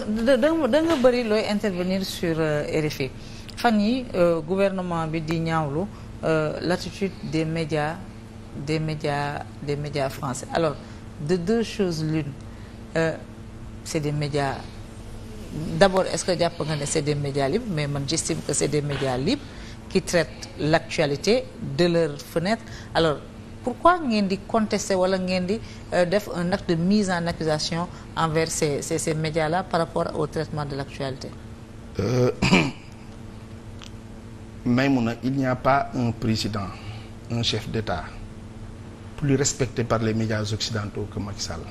da da nga bëri looy intervenir sur euh, RFI fan yi euh, gouvernement bi di ñaawlu euh, l'attitude des médias des média des médias français alors de deux choses l'une c'est des médias d'abord est-ce que jàpp nga ne c'est des médias libres mais man j'estime que c'est des médias libres qui traitent l'actualité de leur fenêtre pourquoi ngeen di contester wala ngeen di euh, def un acte de mise en accusation envers ces ces ces la par rapport au traitement de l'actualité euh, Maïmouna il n'y a pas un président un chef d'État plus respecté par les médias occidentaux que Macky Sall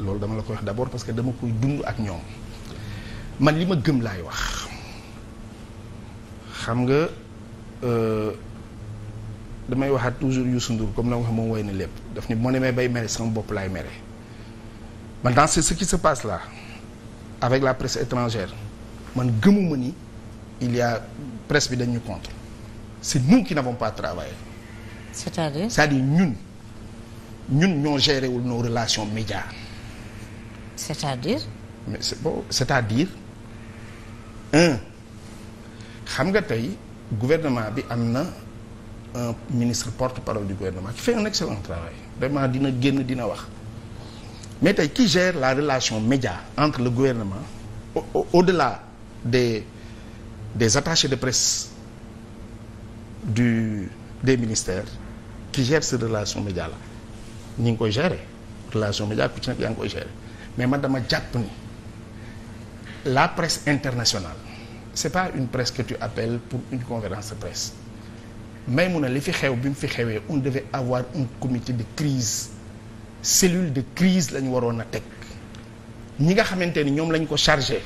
loolu dama la ko wax d'abord parce que dama koy dund ak ñoom man li ma gëm lay wax xam nga. Euh, damay wax waxaat toujours yu Ndour comme la nga xam moom na lépp daf ni moo demee bay mere sama bopp laay mere maintenant c'est ce qui se passe là avec la presse étrangère man gëmuma ni il y a presse bi dañu contre c'est nous qui n'avons pas travaillé. c'est-à-dire c'est-à-dire ñun ñun ñoo géré wul nos relations médias. c'est-à-dire. mais c'est bon c'est-à-dire un xam nga tey gouvernement bi am na. un ministre porte-parole du gouvernement qui fait un excellent travail vraiment dina génn dina wax mais tey qui gère la relation média entre le gouvernement au, au, au-delà des des attachés de presse du des ministères qui gère ces relations média la ñi ngi koy gérer relation média ku ci nekk yaa ngi koy gérer mais man dama jàpp ni la presse internationale c'est pas une presse que tu appelles pour une conférence de presse Maïmouna li fi xew bi mu fi xewee on devait avoir un comité de crise cellule de crise la ñu waroon a teg ñi nga xamante ni ñoom lañ ko chargé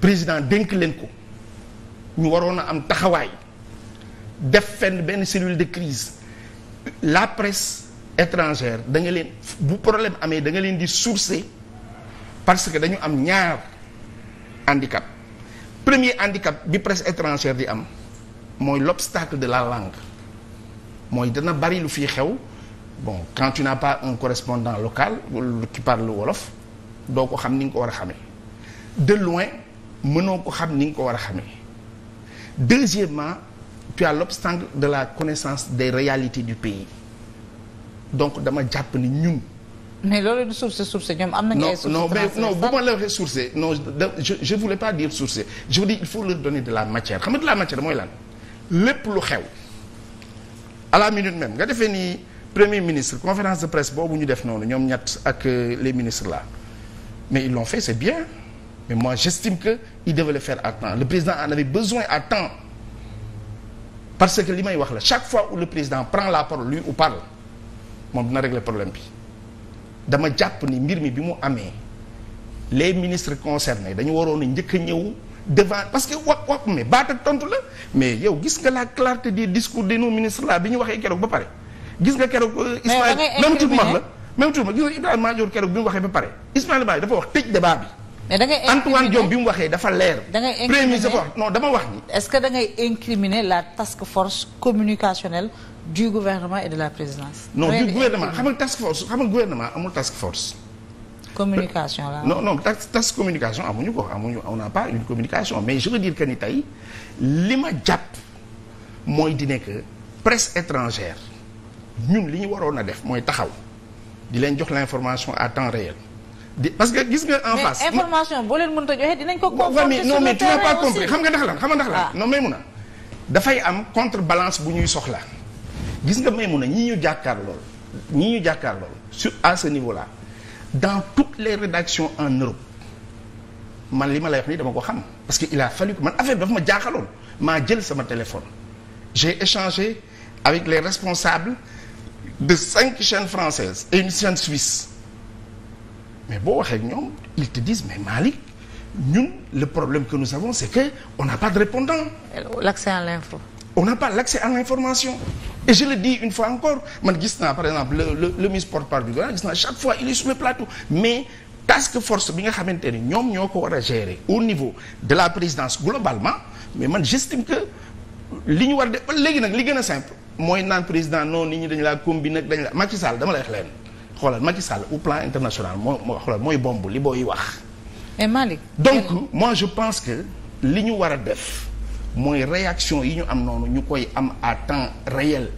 président dénk leen ko ñu waroon a am taxawaay def fenn benn cellule de crise la presse étrangère da nga leen bu problème amee da nga leen di source parce que dañu am ñaar handicap premier handicap bi presse étrangère di am mooy l'obstacle de la langue mooy dana bari lu fiy xew bon quand tu n'as pas un correspondant local qui parle wolof doo ko xam ni nga ko war a xamee de loin mënoo ko xam ni nga ko war a xamee deuxièmement tu as l'obstacle de la connaissance des réalités du pays donc dama jàpp ni ñun. mais loolu du source source ñoom am nañu ay source non mais non bu ma la waxee source je voulais pas dire source je veux il faut leur donner de la matière xam nga de la matière mooy lan. lépp lu xew à la minute même nga defee nii premier ministre conférence de presse boobu ñu def noonu ñoom ñett ak euh, les ministres là mais ils l'ont fait c'est bien mais moi j'estime que il devait le faire le président en avait besoin à temps parce que li may wax la chaque fois où le président prend la parole lui ou parle moom dina régler problème bi dama jàpp ni mbir mi bi mu amee les ministres concernés dañu waroon a njëkk a ñëw devant parce que wax wax mais baat ak tontu la mais yow gis nga laa clarté des discours de nos ministres là bi ñu waxee keroog ba pare gis nga keroog euh, Ismaël même tout max la même tout max gis nga bi waxee ba pare Ismaël Madior dafa wax tëj débat bi mais da bi mu waxee dafa leer. da ngay premier ministre dafa wax non ce que da ngay incriminer la task force communicationnelle du gouvernement et de la présidence. non du gouvernement xam nga task force xam gouvernement amul task force. communication là non non tas tas communication amuñu ko amuñu on n'a pas une communication mais je veux dire que ni tey li ma jàpp mooy di nekk presque étrangère ñun li ñu waroon a def mooy taxaw di leen jox information à temps réel. di parce que gis nga en face. mais information boo leen mënut joxe dinañ ko. confronter non mais tu n'as xam nga ndax lan xam nga ndax lan. Ah. non mais mun a. dafay am contre balance bu ñuy soxla gis nga may mun a ñi ñu jàkkaar lool ñi ñu jàkkaar lool sur à ce niveau là. dans toutes les rédactions en Europe man li ma lay wax dama ko xam parce que il a fallu man affaire bi dafa ma jaaxaloon maa jël sama téléphone j'ai échangé avec les responsables de cinq chaînes françaises et une chaîne suisse mais boo waxee ñoom ils te disent mais Malick ñun le problème que nous avons c'est que on n'a pas de répondant l'accès à on n'a pas l'accès à l'information et je le dis une fois encore man gis naa par exemple le le le ministre porte-parole du gouvernement ah, gis naa chaque fois il est sur plateau mais task force bi nga xamante ni ñoom ñoo ko war a gérer au niveau de la présidence globalement mais man j'estime que li ñu war de léegi nag li gën a simple mooy naan président non nit ñi dañ laa combiner dañ la Macky dama lay wax leen xoolal Macky au plan international moo moo xoolal mooy bomb li booy wax. mais Malick donc je pense que li ñu war a def. mooy réaction yi ñu am noonu ñu koy am à temps réel